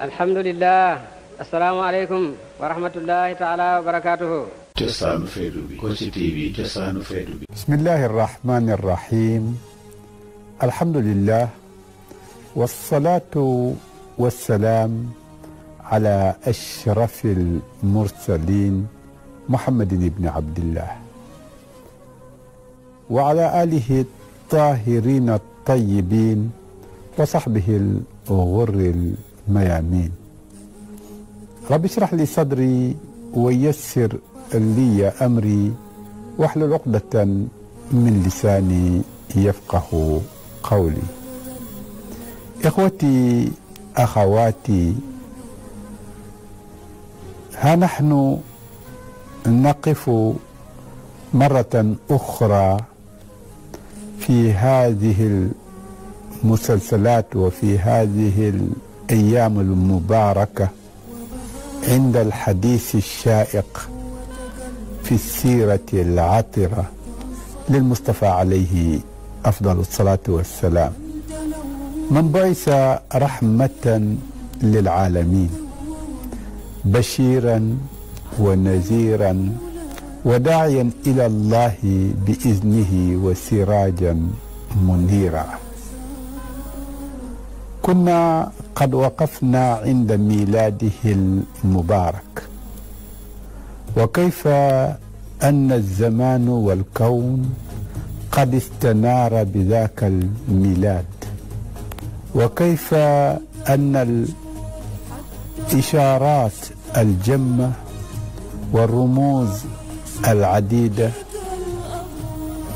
الحمد لله السلام عليكم ورحمة الله تعالى وبركاته في بسم الله الرحمن الرحيم الحمد لله والصلاة والسلام على أشرف المرسلين محمد بن عبد الله وعلى آله الطاهرين الطيبين وصحبه الغر ما يامين رب اشرح لي صدري ويسر لي أمري واحلل عقدة من لساني يفقه قولي إخوتي أخواتي ها نحن نقف مرة أخرى في هذه المسلسلات وفي هذه الأيام المباركة عند الحديث الشائق في السيرة العطرة للمصطفى عليه أفضل الصلاة والسلام من بعث رحمة للعالمين بشيرا ونذيرا وداعيا إلى الله بإذنه وسراجا منيرا كنا قد وقفنا عند ميلاده المبارك وكيف ان الزمان والكون قد استنار بذاك الميلاد وكيف ان الاشارات الجمه والرموز العديده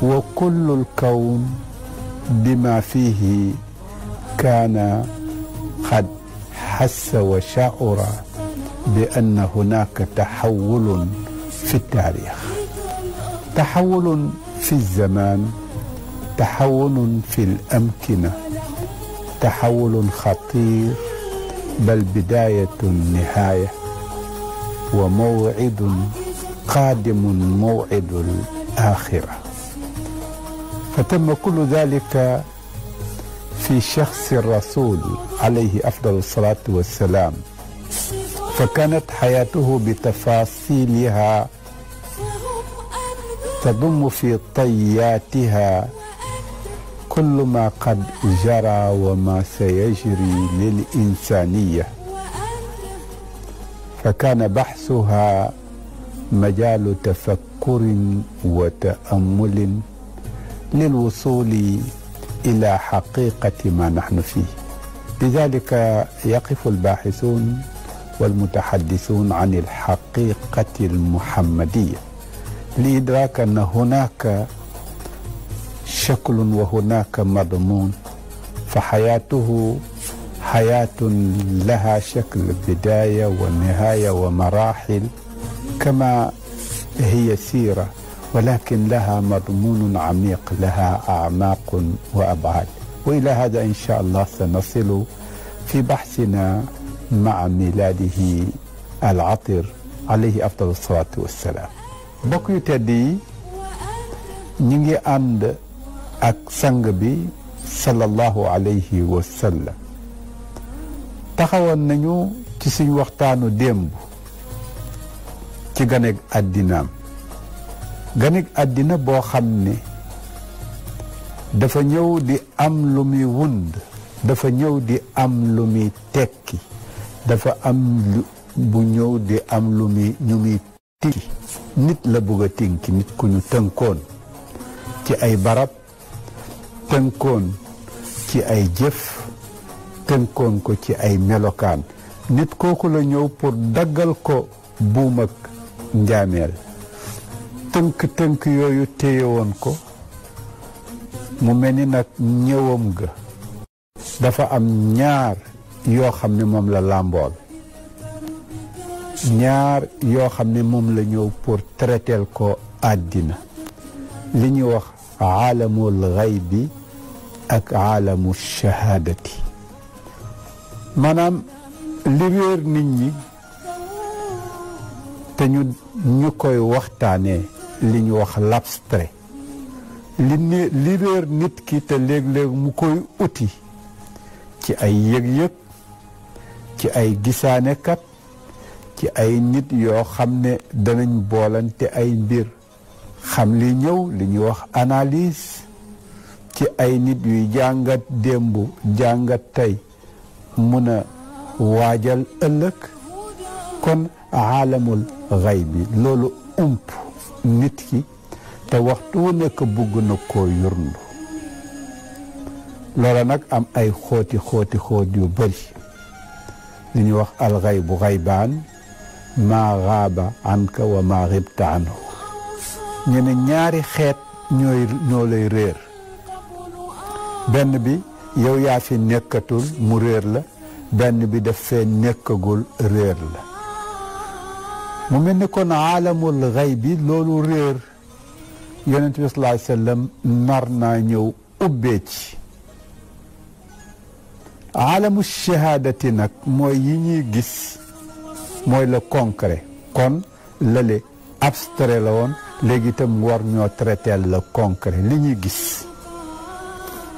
وكل الكون بما فيه كان قد حس وشعر بأن هناك تحول في التاريخ تحول في الزمان تحول في الأمكنة تحول خطير بل بداية نهاية وموعد قادم موعد الآخرة فتم كل ذلك في شخص الرسول عليه افضل الصلاه والسلام فكانت حياته بتفاصيلها تضم في طياتها كل ما قد جرى وما سيجري للانسانيه فكان بحثها مجال تفكر وتامل للوصول إلى حقيقة ما نحن فيه لذلك يقف الباحثون والمتحدثون عن الحقيقة المحمدية لإدراك أن هناك شكل وهناك مضمون فحياته حياة لها شكل بداية ونهاية ومراحل كما هي سيرة ولكن لها مضمون عميق لها اعماق وابعاد والى هذا ان شاء الله سنصل في بحثنا مع ميلاده العطر عليه افضل الصلاه والسلام بوكيو تدي نيجي عند اكسانغبي صلى الله عليه وسلم تخاون نيو تسين وقتانو ديمبو تيغانيك الدينام ganek àddina boo xam ne dafa ñëw di am lu muy wund dafa ñëw di am lu muy tekki dafa am bu ñëw di am lu muy ñu muy tinki nit la bëgg a tinki nit ku ñu tënkoon ci ay barab tënkoon ci ay jëf tënkoon ko ci ay melokaan nit kooku la ñëw pour daggal ko buum njaameel tënk-tënk yooyu téye ko mu mel ni nag ñëwam ga dafa am ñaar yoo xam ne moom la làmbool ñaar yoo xam ne moom la ñëw pour traiter ko àddina li ñuy wax aalamul xaybi ak aalamu shahaadati maanaam li wéer nit ñi te ñu koy waxtaanee li ñu wax l'abstrait li ne li réer nit ki te léeg-léeg mu koy uti ci ay yëg-yëg ci ay gisaanekat ci ay nit yoo xam ne danañ boolante ay mbir xam li ñëw li ñuy wax analyse ci ay nit yuy jàngat démb jàngat tey mun a waajal ëllëg kon aalamul xay bi loolu ump nit ki te waxtu wu nekk bugg na koo yurndu loola nag am ay xooti xooti xoot yu bëri li ñuy wax alxay bu xaybaan maa xaaba anka wa maa xibta anhu ñaari xeet ñooy ñoo lay réer benn bi yow yaa fi nekkatul mu réer la benn bi daf fee nekkagul réer la mu mel ni kon aalamul xay bi loolu réer yonent bi sallallahu alayhi wa nar naa ñëw ubbee ci aalamu shahaadati nag mooy yi ñuy gis mooy le concret kon lële abstrait la woon léegi itam war ñoo traité le concret li ñuy gis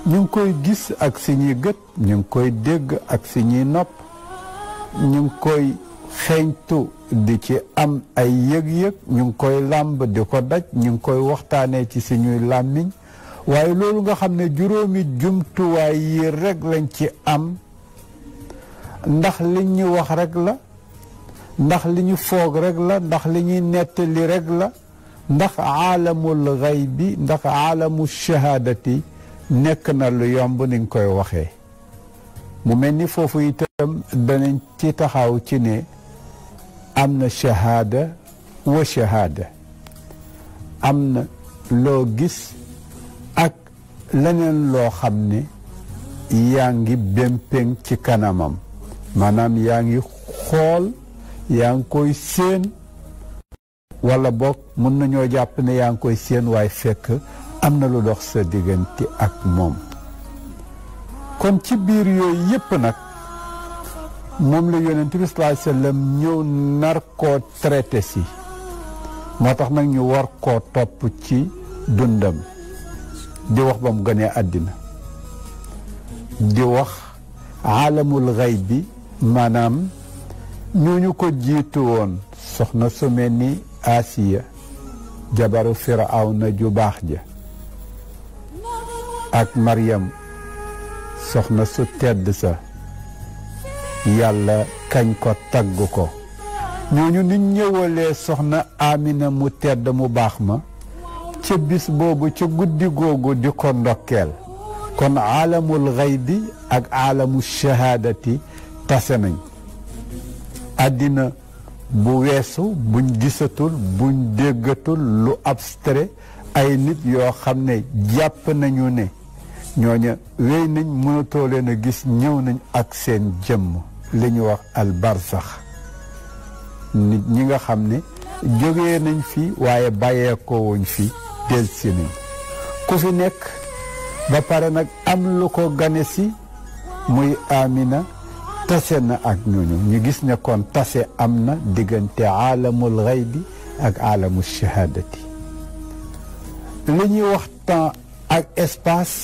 ñu ngi koy gis ak si ñuy gët ñu ngi koy dégg ak si ñuy nopp ñu ngi koy xeeñtu di ci am ay yëg-yëg ñu ngi koy làmb di ko daj ñu ngi koy waxtaanee ci suñuy làmmiñ waaye loolu nga xam ne juróomi jumtuwaay yi rekk lañ ci am ndax li ñu wax rekk la ndax li ñu foog rekk la ndax li ñuy nettali rekk la ndax aalamul xaybi ndax aalamu shahaadati nekk na lu yomb ni nga koy waxee mu mel ni foofu itam danañ ci taxaw ci ne am na shahaada wa shahaada am na loo gis ak leneen loo xam ne yaa ngi bémpéng ci kanamam maanaam yaa ngi xool yaa ngi koy séen wala boog mun nañoo jàpp ne yaa ngi koy séen waaye fekk am na lu dox sa diggante ak moom kon ci biir yooyu yépp nag mom la yonent bi sallallahu alayhi wasallam ñew nar ko traité ci motax nak ñu war ko top ci dundam di wax bam gëné adina di wax alamul xayb manam ñu jituon ko jitu won soxna su melni asiya jabaru fir'aun ju bax ja ak maryam soxna su tedd sa yàlla kañ ko tagg ko ñooñu ni ñëwalee soxna Amina mu tedd mu baax ma ca bis boobu ca guddi googu di ko ndokkeel kon aalamul xaybi ak aalamu shahaadati tase nañ àddina bu weesu buñ gisatul buñ déggatul lu abstrait ay nit yoo xam ne jàpp nañu ne ñooña wéy nañ mënatoo leen gis ñëw nañ ak seen jëmm li ñu wax albarsax nit ñi nga xam ne jóge nañ fi waaye bàyyeekoo fi del si nañ ku fi nekk ba pare nag am lu ko gane si muy amina tase na ak ñooñu ñu gis ne kon tase am na diggante aalamul xaybi ak aalamu shahadati li ñuy wax temps ak espace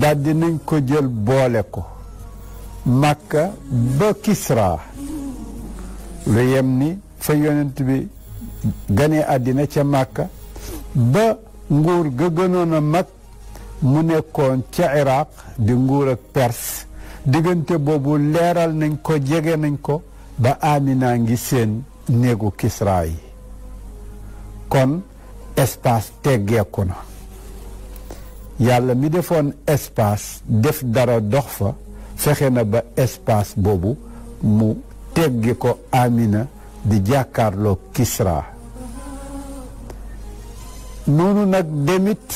daldi nañ ko jël boole ko màkka ba Kisra lu yem ni fa yonent bi ganee àddina ca màkk ba nguur ga gënoon a mag mu nekkoon ca Iraq di nguur ak Perse diggante boobu leeral nañ ko jege nañ ko ba Amina ngi seen néegu Kisra yi kon espace teggeeku na yàlla mi defoon espace def dara dox fa fexe na ba espace boobu mu teggi ko Amina di jàkkaarloo Kisra noonu nag demit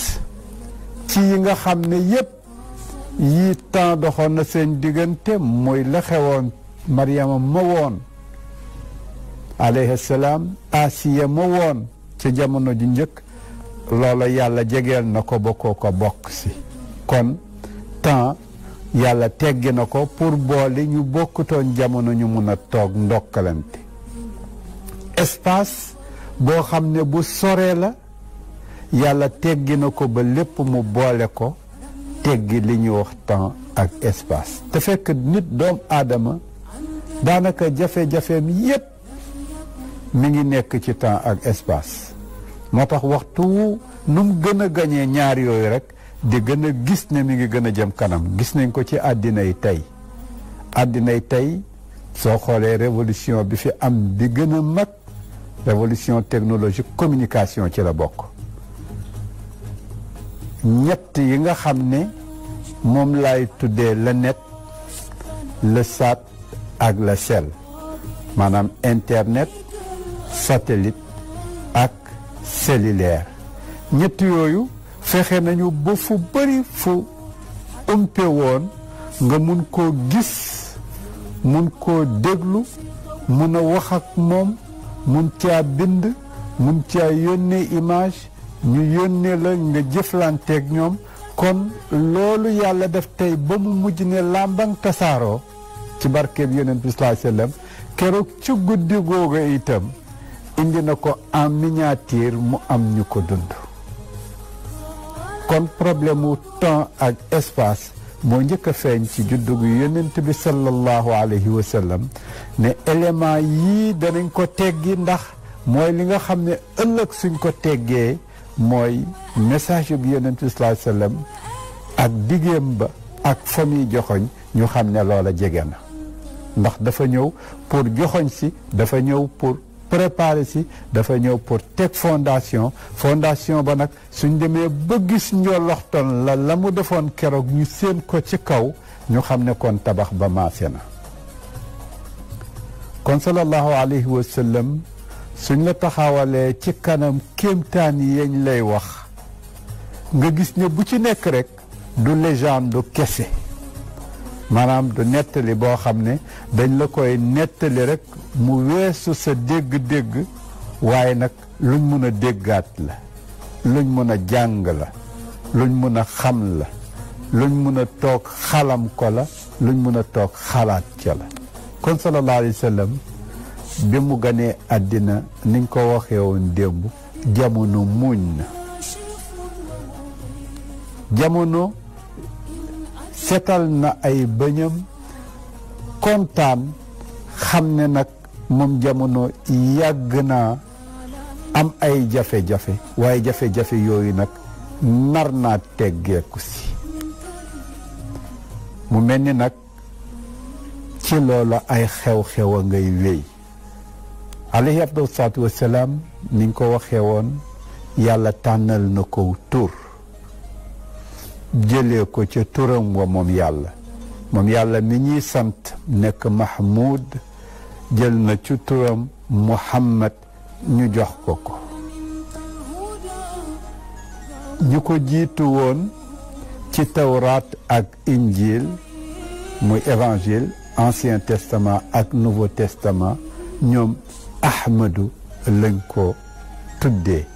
ci yi nga xam ne yépp yi temps doxoon na seen diggante mooy la xewoon Mariama ma woon alayhi salaam ma woon ca jamono ji njëkk loola yàlla jegeel na ko ba koo ko bokk si kon temps yàlla teggi na ko pour boole ñu bokkutoon jamono ñu mun a toog ndokkalante espace boo xam ne bu soree la yàlla teggi na ko ba lépp mu boole ko teggi li ñuy wax temps ak espace te fekk nit doom aadama daanaka jafe-jafeem yépp mi ngi nekk ci temps ak espace moo tax waxtu nu mu gën a gañee ñaar yooyu rek di gën a gis ne mi ngi gën a jëm kanam gis nañ ko ci àddina yi tey àddina yi tey soo xoolee révolution bi fi am bi gën a mag révolution technologie communication ci la bokk ñett yi nga xam ne moom lay tuddee le net le sat ak le sel maanaam internet satellite ak cellulaire ñett yooyu fexe nañu ba fu bëri fu umpe woon nga mun koo gis mun koo déglu mëna wax ak moom mun caa bind mun caa yónnee image ñu yónnee la nga jëflanteek ñoom kon loolu yàlla def tey ba mu mujj ne làmbang tasaaroo ci barkeeb yonent bi keroog ci guddi googu itam indi na ko en miniature mu am ñu ko dund kon problème temps ak espace mo ñëk feñ ci juddu gu yonent bi sallallahu alayhi wa sallam ne élément yi dañ ko teggi ndax moy li nga xamné ëlëk suñ ko téggé moy message bi yonent bi sallallahu alayhi wa sallam ak digëm ba ak fami joxoñ ñu xamné ne loola jege ndax dafa ñëw pour joxoñ ci dafa ñëw pour préparé si dafa ñëw pour teg fondation fondation ba nag suñ demee ba gis njoloxtoon la la mu defoon keroog ñu séen ko ci kaw ñu xam ne kon tabax ba maase na kon sallallahu alayhi wa sallam suñ la taxawalee ci kanam kéemtaan yi yañ lay wax nga gis ne bu ci nekk rekk du légende du kese maanaam du nettali boo xam ne dañ la koy nettali rekk mu weesu sa dégg-dégg waaye nag luñ mën a déggaat la luñ mën a jàng la luñ mën a xam la luñ mën a toog xalam ko la luñ mën a toog xalaat ca la kon sallallahu alayhi wa bi mu ganee àddina niñ ko waxee démb jamono muuñ na jamono setal na ay bëñam kontaan xam ne nag moom jamono yàgg naa am ay jafe-jafe waaye jafe-jafe yooyu nag nar naa teggeeku si mu mel ni nag ci loola ay xew-xew a ngay wéy alayhi abdul salaatu ko waxee woon yàlla tànnal na kow tur jële ko ca turam wa moom yàlla moom yàlla mi ñuy sant nekk Mahmoud jël na ci turam Muhammad ñu jox ko ko ñu ko jiitu woon ci tawraat ak injil muy évangile ancien testament ak nouveau testament ñoom ahmadu lañ ko tuddee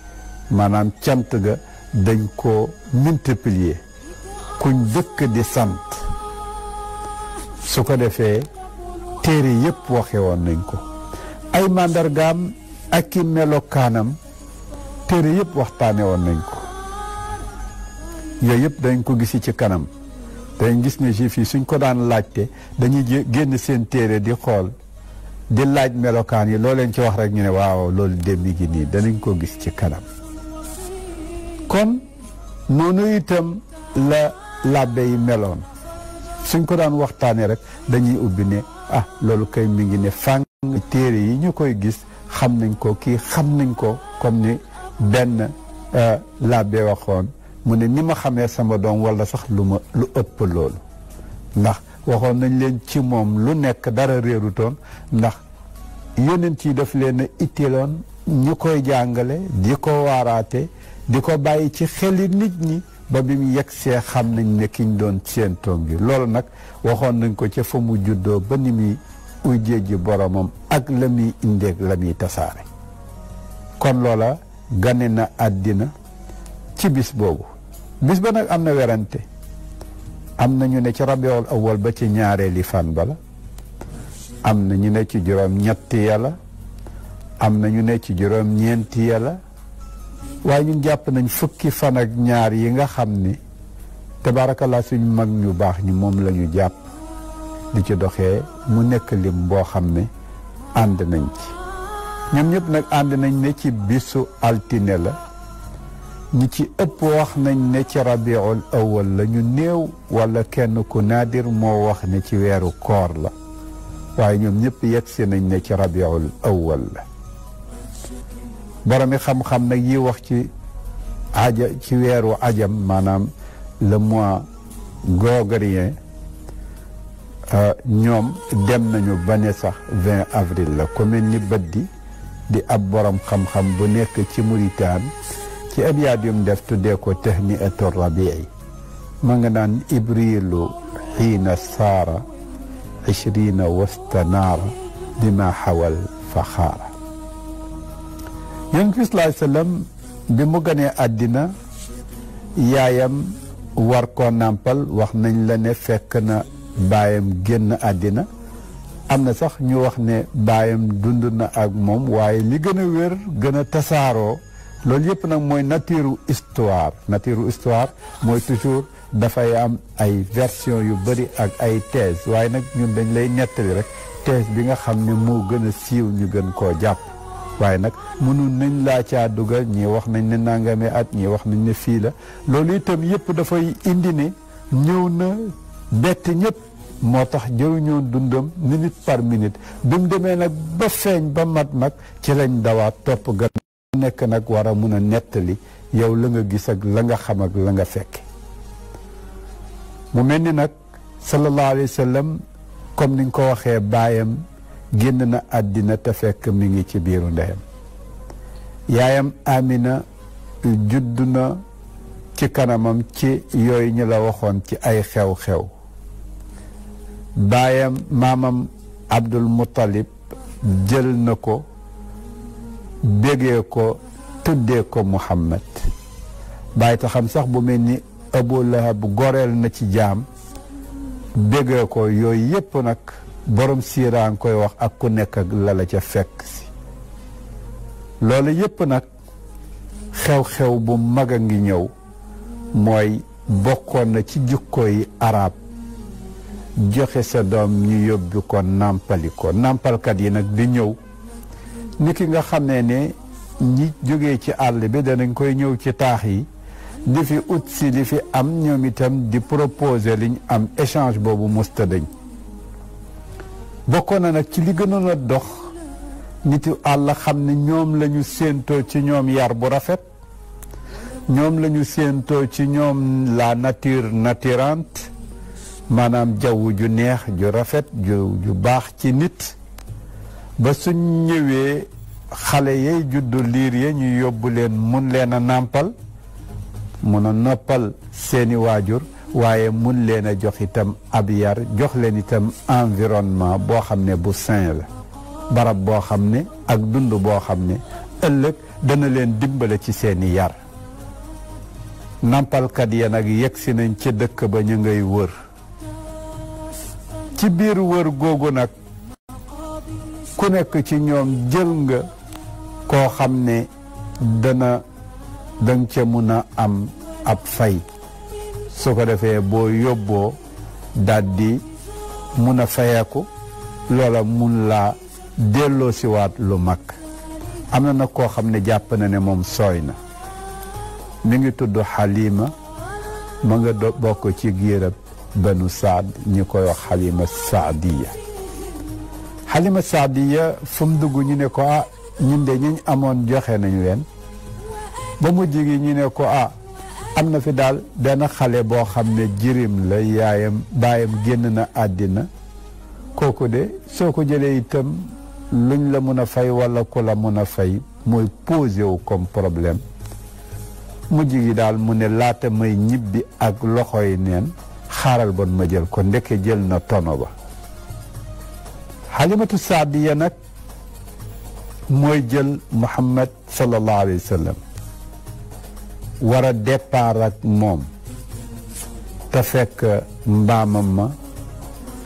maanaam cant ga dañ ko multiplier kuñ dëkk di sant su ko defee téere yépp waxe woon nañ ko ay màndargaam ak i melokaanam téere yépp waxtaane woon nañ ko yooyu yépp dañ ko gisi ci kanam dañ gis ne juif yi suñ ko daan laajte dañuy génn seen téere di xool di laaj melokaan yi loo leen ci wax rek ñu ne waaw loolu démb gi nii danañ ko gis ci kanam kon noonu itam la làbbe yi meloon suñ ko daan waxtaanee rek dañuy ubbi ni ah loolu kay mi ngi ne fàng téere yi ñu koy gis xam nañ ko kii xam nañ ko comme ni benn euh, làbbe waxoon mu ne ni ma xamee sama doom walla sax lu ma lu ëpp loolu ndax waxoon nañ leen ci moom lu nekk dara réerutoon ndax yonent yi daf leen a itteeloon ñu koy jàngale di ko waaraate di ko bàyyi ci xeli nit ñi ba bi mu yegg see xam nañ ne kiñ doon séentoom gi loolu nag waxoon nañ ko ca fa mu juddoo ba ni muy ujjee ji boromam ak la muy indeeg la muy tasaare kon loola gane na àddina ci bis boobu bis ba nag am na werante am na ñu ne ci rabiul awal ba ci ñaareeli fan ba la am na ñu ne ci juróom ñetti yàlla am na ñu ne ci juróom ñeenti waaye ñun jàpp nañ fukki fan ak ñaar yi nga xam ni tabaarakallaa suñu mag ñu baax ñi moom la jàpp di ci doxee mu nekk lim boo xam ne ànd nañ ci ñoom ñëpp nag ànd nañ ne ci bisu altine la ñi ci ëpp wax nañ ne ci rabiul awal la ñu néew walla kenn ku naadir moo wax ne ci weeru koor la waaye ñoom ñëpp yegg si nañ ne ci rabiul awal la boromi xam-xam nag yi wax ci aja ci weeru ajam maanaam le mois grégorien euh, ñoom dem nañu ba ne sax 20 avril la ku mel ni Baddi di ab borom xam-xam bu nekk ci Muritaan ci abyaat yum def tuddee ko tahniatu rabii ma nga naan ibrilu xiina saara ishrina wasta naara dima xawal faxaara yonent bi sallallahu alayhi wa bi mu gënee àddina yaayam war koo nàmpal wax nañ la ne fekk na baayam génn àddina am na sax ñu wax ne baayam dund na ak moom waaye li gën a wér gën a tasaaroo loolu yëpp nag mooy natiiru histoire natiiru histoire mooy toujours dafay am ay version yu bëri ak ay thèse waaye nag ñun dañ lay nettali rek thèse bi nga xam ne moo gën a siiw ñu gën koo jàpp waaye nag mënul nañ laa caa dugal ñii wax nañ ne nangame at ñi wax nañ ne fii la loolu itam yëpp dafay indi ne ñëw na bett ñëpp moo tax jëruñoon dundam minute par minute bi demee nag ba feeñ ba mat nag ci lañ dawaat topp gan nekk nag war a mun a nettali yow la nga gis ak la nga xam ak la nga fekk mu mel ni nag sallallahu alayhi wa sallam comme ni nga ko waxee baayam génn na àddina te fekk mi ngi ci biiru ndeyam yaayam amina judd na ci kanamam ci yooyu ñu la waxoon ci ay xew-xew baayam maamam abdul muttalib jël na ko bégee ko tuddee ko muhammad bàyyi ta xam sax bu mel ni abu lahab goreel na ci jaam bégee ko yooyu yépp nag borom siiraa nga koy wax ak ku nekk lala la la ca fekk si loolu yépp nag xew-xew bu mag a ngi ñëw mooy bokkoon na ci jukko yi arab joxe sa doom ñu yóbbu ko nàmpali ko nàmpalkat yi nag di ñëw ni ki nga xam ne ñi jóge ci àll bi danañ koy ñëw ci taax yi di fi ut si li fi am ñoom itam di propose liñ am échange boobu musta dañ bokkoon na nag ci li gënoon a dox niti àll xam ne ñoom lañu ñu ci ñoom yar bu rafet ñoom la ñu séentoo ci ñoom la nature naturante maanaam jaww ju neex ju rafet ju ju baax ci nit ba suñ ñëwee xale yey juddu liir ya ñu yóbbu leen mën leen a nàmpal mun a noppal seeni waajur waaye mun leen a jox itam ab yar jox leen itam environnement boo xam ne bu sain barab boo xam ne ak dund boo xam ne ëllëg dana leen dimbale ci seeni yar nampalkat ya nag yegg si nañ ca dëkk ba ñu ngay wër ci biir wër googu nag ku nekk ci ñoom jël nga koo xam ne dana danga ca mun a am ab fay su ko defee boo yóbboo di mun a fayeeku loola mun laa delloo siwaat lu mag am na nag koo xam ne jàpp na ne moom sooy na mu ngi tudd Halima ma nga bokk ci giirab banu saad ñi koy wax Halima Saadiya Halima Saadiya fu mu dugg ñu ne ko ah ñun de ñiñ amoon joxe nañu leen ba mujj gi ñu ne ko ah am na fi daal benn xale boo xam ne jirim la yaayam baayam génn na àddina kooku de soo ko jëlee itam luñ la mun a fay walla ko la mun a fay mooy posé wu comme problème mujj gi daal mu ne laata may ñibbi ak loxo loxoy neen xaaral bon ma jël ko ndeke jël na tono ba xalimatu saadiya nag mooy jël muhammad sallallahu alayhi wa sallam war a départ ak moom te fekk mbaamam ma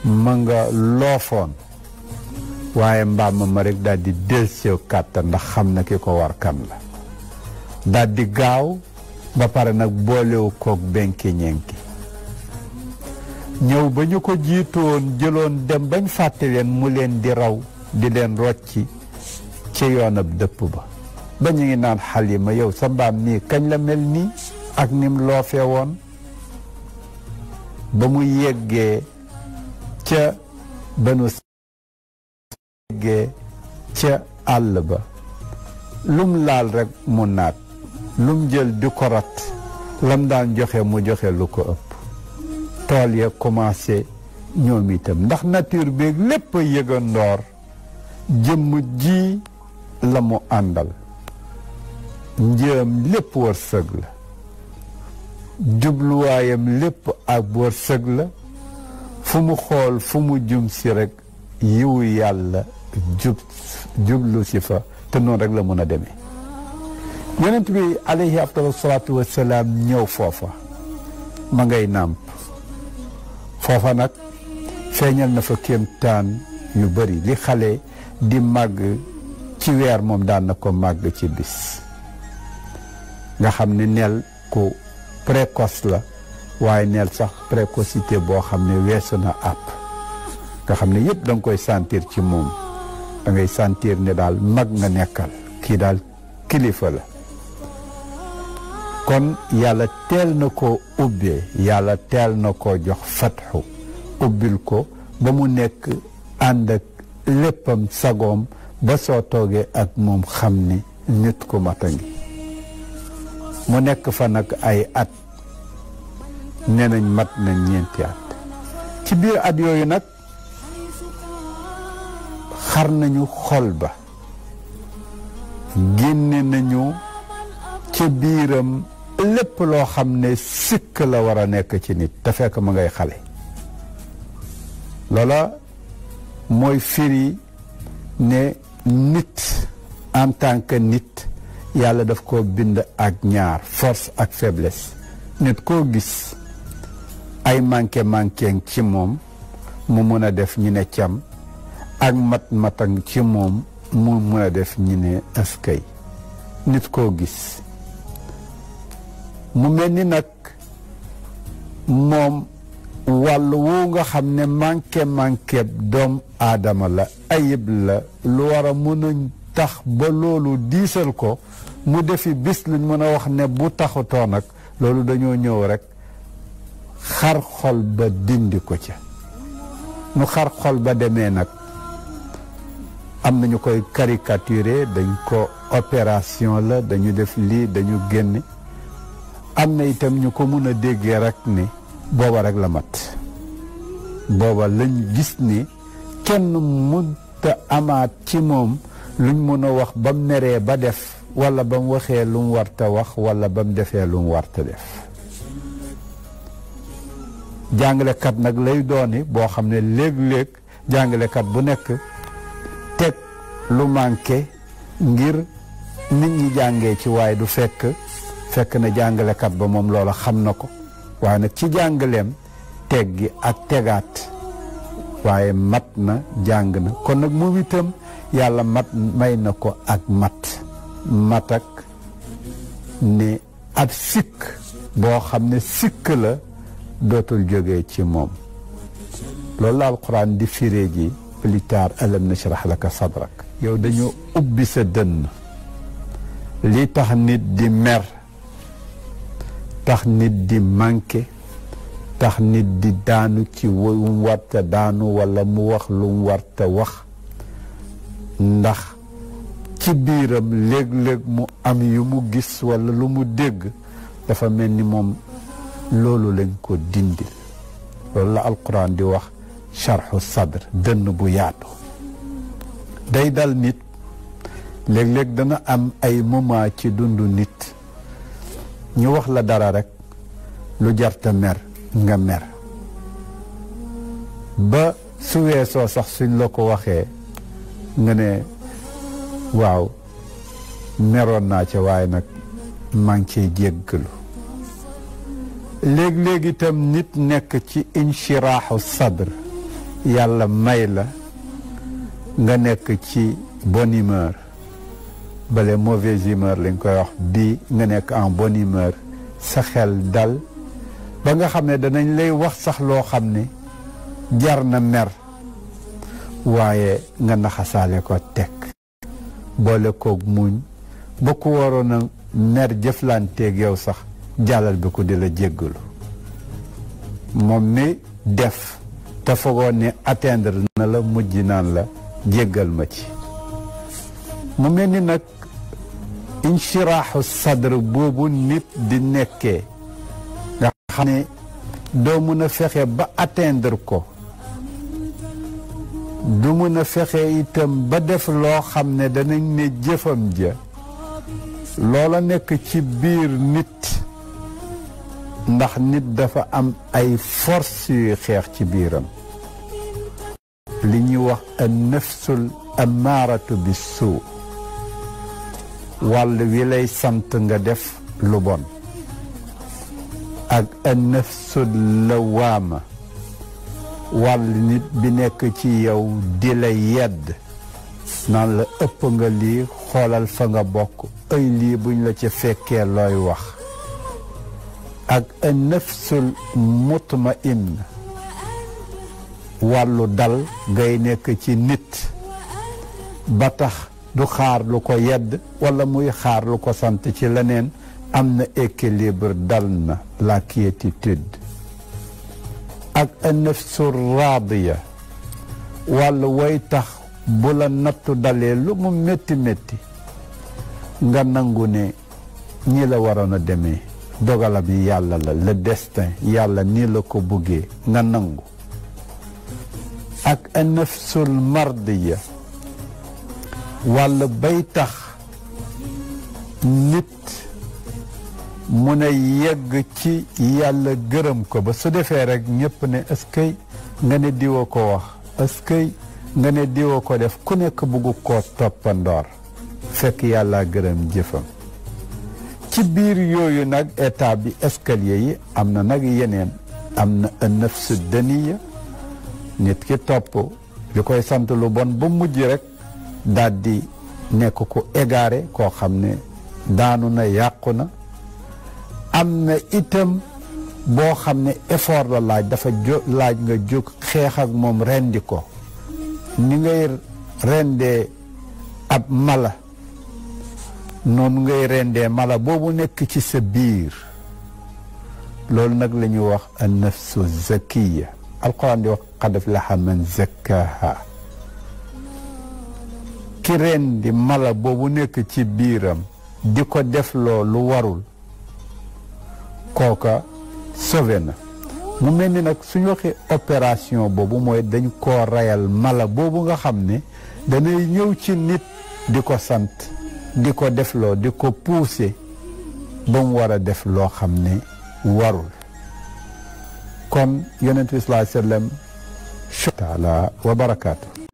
ma nga loofoon waaye mbaamam ma rek daal di delsi kàttan ndax xam na ki ko war kan la daal di gaaw ba pare nag boolewu koog benki ñenki ñëw ba ko jiitoon jëloon dem bañ fàtte leen mu leen di raw di leen rocci ci yoonab dëpp ba ba ñu ngi naan xalima yow sa mbaam nii kañ la mel nii ak nim loofee woon ba mu yéggee ca banu yéggee ca àll ba lum laal rek mu naat lum jël di ko rat lam daan joxe mu joxe lu ko ëpp tool ya commencé ñoom itam ndax nature beeg lépp a yëga ndoor jëmm ji la mu àndal njëyam lépp wërsëg la jubluwaayam lépp ak wërsëg la fu mu xool fu mu jum si rek yiwu yàlla jub jublu si fa te noonu rekk la mën a deme yonent bi alayhi afdalu salaatu wasalaam ñëw foofa ma ngay nàmp foofa nag feeñal na fa kéemtaan yu bëri li xale di màgg ci weer moom daan na ko màgg ci bis nga xam ne nel ku précoce la waaye nel sax précocité boo xam ne weesu na àpp nga xam ne yëpp da koy sentir ci moom dangay ngay ne daal mag nga nekkal kii daal kilifa la kon yàlla teel na ko ubbee yàlla teel na ko jox fatxu ubbil ko ba mu nekk ànd ak léppam sagoom ba soo toogee ak moom xam ni nit ku mata ngi mu nekk fa nag ay at nenañ mat na ñeenti at ci biir at yooyu nag xar nañu xol ba génne nañu ci biiram lépp loo xam ne sikk la war a nekk ci nit te fekk ma ngay xale loola mooy firi ne nit en tant que nit yàlla daf koo bind ak ñaar force ak faiblesse nit koo gis ay manqué manqué ci moom mu mën a def ñi ne cam ak mat ci moom mu mun a def ñu ne askay nit koo gis mu mel ni nag moom wàll woo nga xam ne manqué manqué doom aadama la ayib la lu war a mun a ndax ba loolu diisal ko mu defi bis lañ mën a wax ne bu taxutoo nag loolu dañoo ñëw rekk xar xol ba dindi ko ca ñu xar xol ba demee nag am na ñu koy karikature dañ ko opération la dañu def lii dañu génne am na itam ñu ko mun a déggee rekk ni booba rek la mat booba lañ gis ni kenn mënta amaat ci moom luñ mën a wax ba mu neree ba def wala ba mu waxee lu mu warta wax wala ba mu defee lu mu warta def jàngalekat nag lay dooni boo xam ne léeg-léeg jàngalekat bu nekk teg lu mànke ngir nit ñi jàngee ci waaye du fekk fekk na jàngalekat ba moom loola xam na ko waaye nag ci jàngaleem teggi ak tegaat waaye mat na jàng na kon nag moom itam yàlla mat may na ko ak mat mat ak ni ab sikk boo xam ne sikk la dootul jógee ci moom loolu la alquran di firee ji plus tard alam nashrah laka sadrak yow dañoo ubbi sa dënn li tax nit di mer tax nit di manqué tax nit di daanu ci wum warta daanu wala mu wax lu mu warta wax ndax ci biiram léeg-léeg mu am yu mu gis wala lu mu dégg dafa mel ni moom loolu lañ ko dindil loolu la alquran di wax charxu sadr dënn bu yaatu day dal nit léeg-léeg dana am ay moment ci dundu nit ñu wax la dara rek lu jarta mer nga mer ba su weesoo sax suñ la ko waxee ngane waw meron na ci way nak nag maa ngi leg jeggalu itam nit nek ci inchiraaxu sadr yàlla may la nga nek ci bonne humeur bale mauvaise humeur li ngoy wax bi nga nek en bonne humeur sa xel dal ba nga xamné ne danañ lay wax sax lo xamné jarna mer waaye nga naxasaale ko teg boole koog muñ ba ku waroon a mer jëflanteeg yow sax jàllal bi ko di la jéggalu moom mi def te fogoon ne atteindre na la mujj naan la jéggal ma ci mu mel ni nag inchiraaxu sadr boobu nit di nekkee nga xam ne doo mun a fexe ba atteindre ko du mun a fexe itam ba def loo xam ne danañ ne jëfam ja loola nekk ci biir nit ndax nit dafa am ay force yuy xeex ci biiram li ñuy wax an nafsul amaaratu bi suu wàll wi lay sant nga def lu bon ak an nafsul lawaama wàll nit bi nekk ci yow di la yedd naan la ëpp nga lii xoolal fa nga bokk ay lii buñ la ci fekkee looy wax ak a nafsul mutma wàllu dal ngay nekk ci nit ba tax du xaar lu ko yedd wala muy xaar lu ko sant ci leneen am na équilibre dal na la ak annafsu raadiya wàll way tax bu la nattu dalee lu mu métti métti nga nangu ne ñi la waroon a demee dogalam yi yàlla la la destin yàlla ni la ko buggee nga nangu ak annafsul mardiya wàll bay tax nit mun a yegg ci yàlla gërëm ko ba su defee rek ñëpp ne ëskay nga ne diwoo ko wax ëskay nga ne diwa ko def ku nekk bugg koo toppandoor fekk yàlla gërëm jëfam ci biir yooyu nag état bi escalier yi am na nag yeneen am na nafsu daniya nit ki topp li koy sant lu bon ba mujj rek daal di nekk ku égaré koo xam ne daanu na yàqu na am na itam boo xam ne effort la laaj dafa jo laaj nga jóg xeex ak moom rendi ko ni ngay rendee ab mala noonu ngay rendee mala boobu nekk ci sa biir loolu nag la wax an nafsu zakiya alquran di wax qad aflaha man zakkaha ki rendi mala boobu nekk ci biiram di ko def loolu warul kooka sauvé na mu mel ni nag suñu waxee opération boobu mooy dañ ko rayal mala boobu nga xam ne danay ñëw ci nit di ko sant di ko defloo di ko poussé ba mu war def loo xam ne warul kon yonent bi sallallahu wa barakaatu